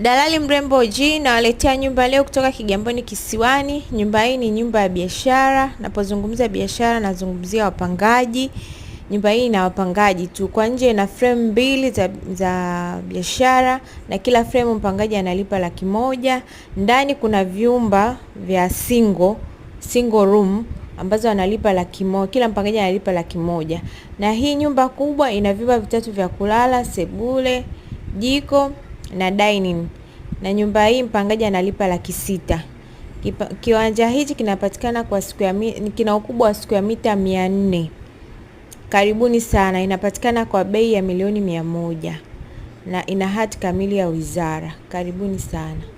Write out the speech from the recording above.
Dalali Mrembo G nawaletea nyumba leo kutoka Kigamboni Kisiwani. Nyumba hii ni nyumba ya biashara. Napozungumza biashara, nazungumzia wapangaji. Nyumba hii ina wapangaji tu. Kwa nje ina frame mbili za, za biashara na kila frame mpangaji analipa laki moja. Ndani kuna vyumba vya single, single room ambazo analipa laki moja, kila mpangaji analipa laki moja. Na hii nyumba kubwa ina vyumba vitatu vya kulala, sebule, jiko na dining na nyumba hii mpangaji analipa laki sita. Kiwanja hichi kinapatikana kwa square, kina ukubwa wa siku ya mita mia nne. Karibuni sana, inapatikana kwa bei ya milioni mia moja na ina hati kamili ya wizara. Karibuni sana.